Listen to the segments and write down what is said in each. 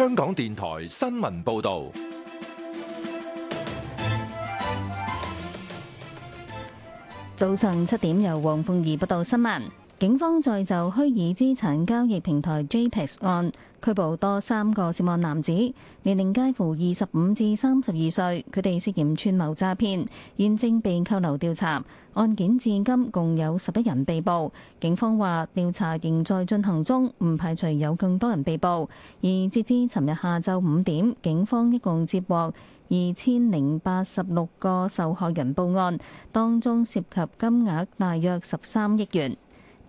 香港電台新聞報道。早上七點，由黃鳳儀報道新聞。警方再就虛擬資產交易平台 JPEX 案拘捕多三個涉案男子，年齡介乎二十五至三十二歲。佢哋涉嫌串謀詐騙，現正被扣留調查。案件至今共有十一人被捕。警方話調查仍在進行中，唔排除有更多人被捕。而截至尋日下晝五點，警方一共接獲二千零八十六個受害人報案，當中涉及金額大約十三億元。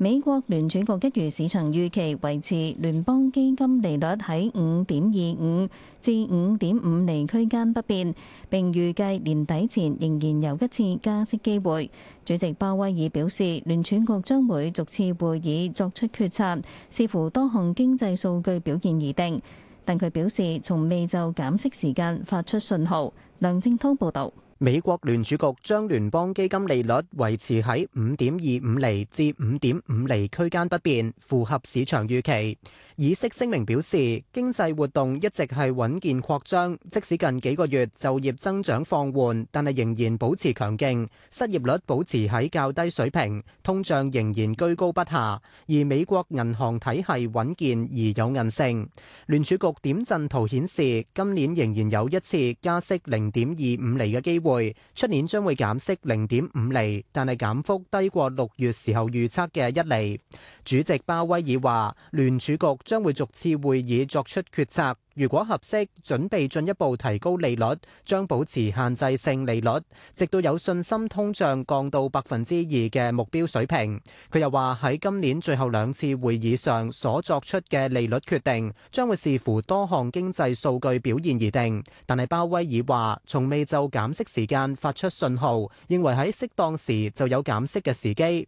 美國聯儲局一如市場預期，維持聯邦基金利率喺五點二五至五點五厘區間不變，並預計年底前仍然有一次加息機會。主席鮑威爾表示，聯儲局將會逐次會議作出決策，視乎多項經濟數據表現而定。但佢表示，從未就減息時間發出信號。梁正滔報導。美國聯儲局將聯邦基金利率維持喺五點二五厘至五點五厘區間不變，符合市場預期。議息聲明表示，經濟活動一直係穩健擴張，即使近幾個月就業增長放緩，但係仍然保持強勁，失業率保持喺較低水平，通脹仍然居高不下。而美國銀行體系穩健而有韌性。聯儲局點陣圖顯示，今年仍然有一次加息零點二五厘嘅機會。會出年將會減息零點五厘，但係減幅低過六月時候預測嘅一厘。主席鮑威爾話，聯儲局將會逐次會議作出決策。如果合適，準備進一步提高利率，將保持限制性利率，直到有信心通脹降到百分之二嘅目標水平。佢又話喺今年最後兩次會議上所作出嘅利率決定，將會視乎多項經濟數據表現而定。但係鮑威爾話，從未就減息時間發出信號，認為喺適當時就有減息嘅時機。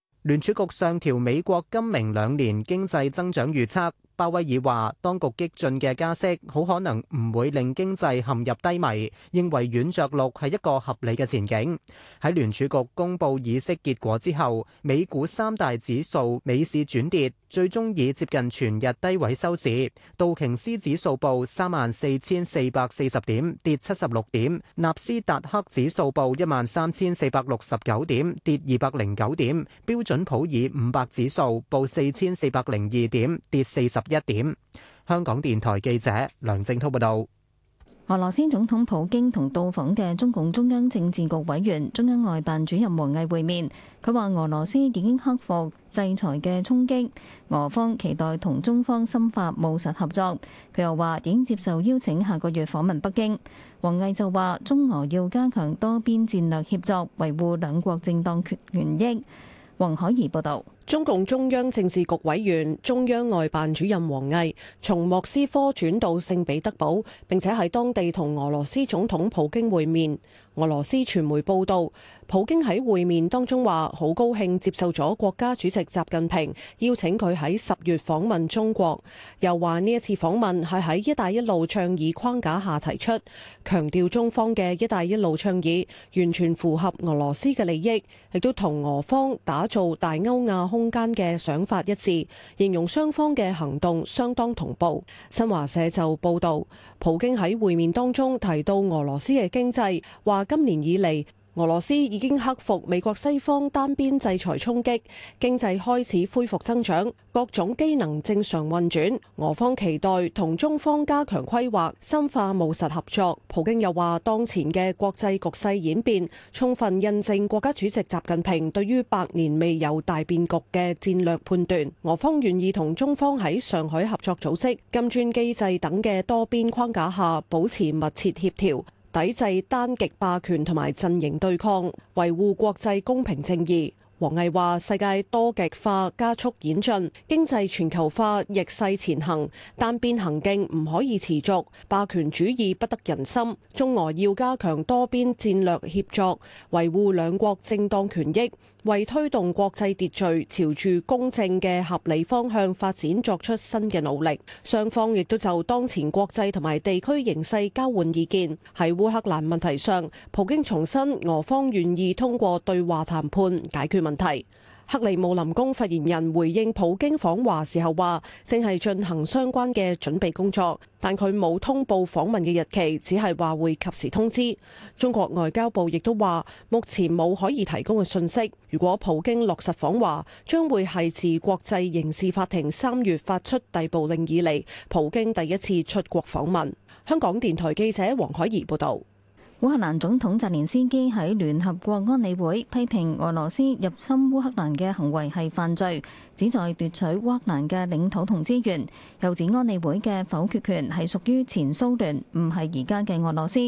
聯儲局上調美國今明兩年經濟增長預測。鮑威爾話，當局激進嘅加息好可能唔會令經濟陷入低迷，認為軟着陸係一個合理嘅前景。喺聯儲局公布議息結果之後，美股三大指數美市轉跌，最終以接近全日低位收市。道瓊斯指數報三萬四千四百四十點，跌七十六點；納斯達克指數報一萬三千四百六十九點，跌二百零九點；標準普爾五百指數報四千四百零二點，跌四十。一點，香港電台記者梁正濤報道。俄羅斯總統普京同到訪嘅中共中央政治局委員、中央外辦主任王毅會面。佢話俄羅斯已經克服制裁嘅衝擊，俄方期待同中方深化務實合作。佢又話已經接受邀請，下個月訪問北京。王毅就話中俄要加強多邊戰略協作，維護兩國正當權權益。王海怡報道：中共中央政治局委員、中央外辦主任王毅從莫斯科轉到聖彼得堡，並且喺當地同俄羅斯總統普京會面。俄羅斯傳媒報道。普京喺會面當中話：好高興接受咗國家主席習近平邀請，佢喺十月訪問中國。又話呢一次訪問係喺「一帶一路」倡議框架下提出，強調中方嘅「一帶一路」倡議完全符合俄羅斯嘅利益，亦都同俄方打造大歐亞空間嘅想法一致，形容雙方嘅行動相當同步。新華社就報導，普京喺會面當中提到俄羅斯嘅經濟，話今年以嚟。俄羅斯已經克服美國西方單邊制裁衝擊，經濟開始恢復增長，各種機能正常運轉。俄方期待同中方加強規劃、深化務實合作。普京又話，當前嘅國際局勢演變，充分印證國家主席習近平對於百年未有大變局嘅戰略判斷。俄方願意同中方喺上海合作組織、金磚機制等嘅多邊框架下，保持密切協調。抵制單極霸權同埋陣營對抗，維護國際公平正義。王毅話：世界多極化加速演進，經濟全球化逆勢前行，單邊行徑唔可以持續，霸權主義不得人心。中俄要加強多邊戰略協作，維護兩國正當權益。為推動國際秩序，朝住公正嘅合理方向發展作出新嘅努力。雙方亦都就當前國際同埋地區形勢交換意見。喺烏克蘭問題上，普京重申俄方願意通過對話談判解決問題。克里姆林宮發言人回應普京訪華時候話，正係進行相關嘅準備工作，但佢冇通報訪問嘅日期，只係話會及時通知。中國外交部亦都話，目前冇可以提供嘅信息。如果普京落實訪華，將會係自國際刑事法庭三月發出逮捕令以嚟，普京第一次出國訪問。香港電台記者黃海怡報道。烏克蘭總統澤連斯基喺聯合國安理會批評俄羅斯入侵烏克蘭嘅行為係犯罪，旨在奪取烏克蘭嘅領土同資源，又指安理會嘅否決權係屬於前蘇聯，唔係而家嘅俄羅斯，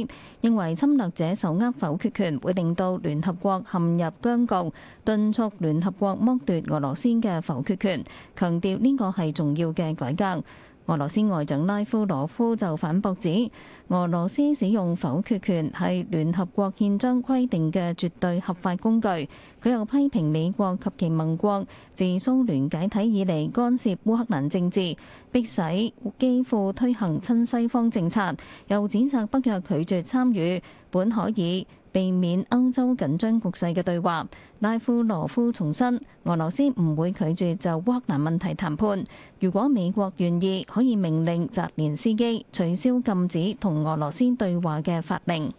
認為侵略者手握否決權會令到聯合國陷入僵局，敦促聯合國剝奪俄羅斯嘅否決權，強調呢個係重要嘅改革。俄羅斯外長拉夫羅夫就反駁指，俄羅斯使用否決權係聯合國憲章規定嘅絕對合法工具。佢又批評美國及其盟國自蘇聯解體以嚟干涉烏克蘭政治，迫使基輔推行親西方政策，又指責北約拒絕參與本可以避免歐洲緊張局勢嘅對話，拉夫羅夫重申，俄羅斯唔會拒絕就烏克蘭問題談判。如果美國願意，可以命令澤連斯基取消禁止同俄羅斯對話嘅法令。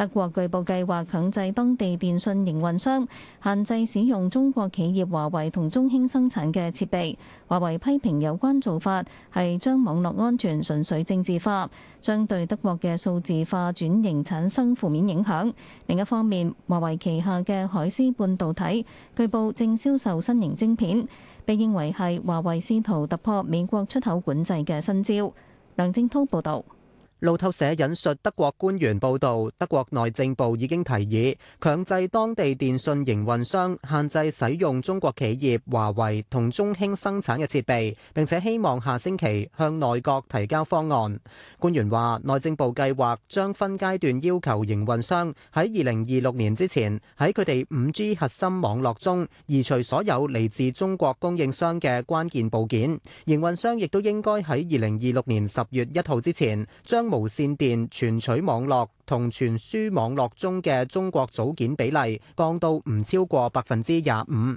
德國據報計劃強制當地電信營運商限制使用中國企業華為同中興生產嘅設備。華為批評有關做法係將網絡安全純粹政治化，將對德國嘅數字化轉型產生負面影響。另一方面，華為旗下嘅海思半導體據報正銷售新型晶片，被認為係華為試圖突破美國出口管制嘅新招。梁正濤報道。路透社引述德國官員報導，德國內政部已經提議強制當地電信營運商限制使用中國企業華為同中興生產嘅設備，並且希望下星期向內閣提交方案。官員話，內政部計劃將分階段要求營運商喺二零二六年之前喺佢哋五 G 核心網絡中移除所有嚟自中國供應商嘅關鍵部件。營運商亦都應該喺二零二六年十月一號之前將無線電傳取網絡，同傳輸網絡中嘅中國組件比例降到唔超過百分之廿五。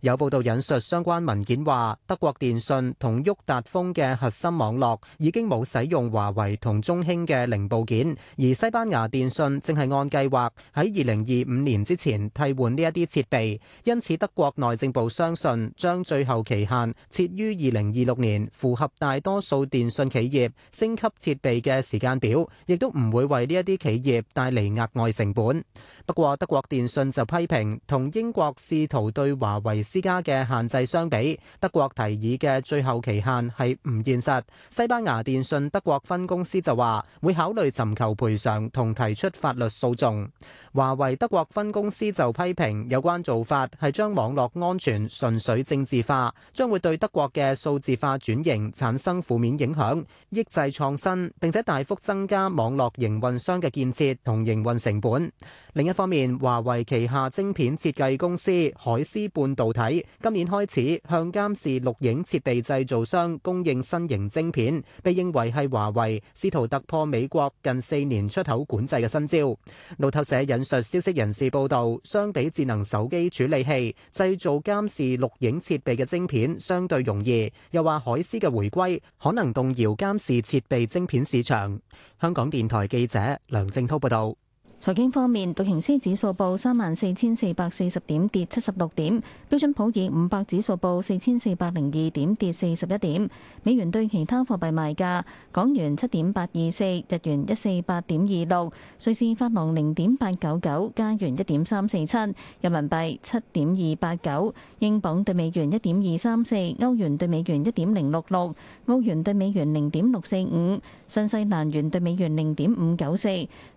有報道引述相關文件話，德國電信同沃達豐嘅核心網絡已經冇使用華為同中興嘅零部件，而西班牙電信正係按計劃喺二零二五年之前替換呢一啲設備。因此，德國內政部相信將最後期限設於二零二六年，符合大多數電信企業升級設備嘅時間表，亦都唔會為呢一啲企。企業帶嚟額外成本。不過德國電信就批評，同英國試圖對華為施加嘅限制相比，德國提議嘅最後期限係唔現實。西班牙電信德國分公司就話會考慮尋求賠償同提出法律訴訟。華為德國分公司就批評有關做法係將網絡安全純粹政治化，將會對德國嘅數字化轉型產生負面影響，抑制創新，並且大幅增加網絡營運商嘅建。建設同營運成本。另一方面，華為旗下晶片設計公司海思半導體今年開始向監視錄影設備製造商供應新型晶片，被認為係華為試圖突破美國近四年出口管制嘅新招。路透社引述消息人士報道，相比智能手機處理器，製造監視錄影設備嘅晶片相對容易，又話海思嘅回歸可能動搖監視設備晶片市場。香港電台記者梁。梁正濤報道。財經方面，道瓊斯指數報三萬四千四百四十點，跌七十六點；標準普爾五百指數報四千四百零二點，跌四十一點。美元對其他貨幣賣價：港元七點八二四，日元一四八點二六，瑞士法郎零點八九九，加元一點三四七，人民幣七點二八九，英鎊對美元一點二三四，歐元對美元一點零六六，澳元對美元零點六四五，新西蘭元對美元零點五九四。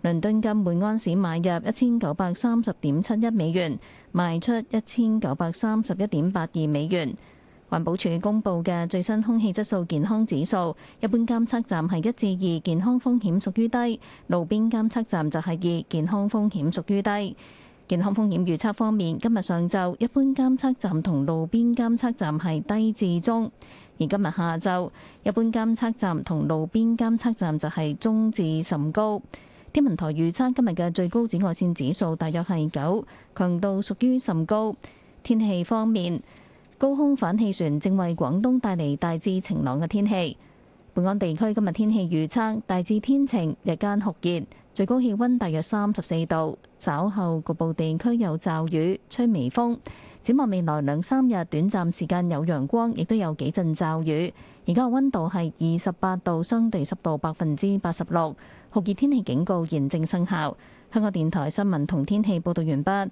倫敦金每安市買入一千九百三十點七一美元，賣出一千九百三十一點八二美元。環保署公布嘅最新空氣質素健康指數，一般監測站係一至二，健康風險屬於低；路邊監測站就係二，健康風險屬於低。健康風險預測方面，今日上晝一般監測站同路邊監測站係低至中，而今日下晝一般監測站同路邊監測站就係中至甚高。天文台預測今日嘅最高紫外線指數大約係九，強度屬於甚高。天氣方面，高空反氣旋正為廣東帶嚟大致晴朗嘅天氣。本港地區今日天氣預測大致天晴，日間酷熱，最高氣溫大約三十四度。稍後局部地區有驟雨，吹微風。展望未來兩三日，短暫時間有陽光，亦都有幾陣驟雨。而家嘅溫度係二十八度，相對濕度百分之八十六。酷熱天氣警告現正生效。香港電台新聞同天氣報道完畢。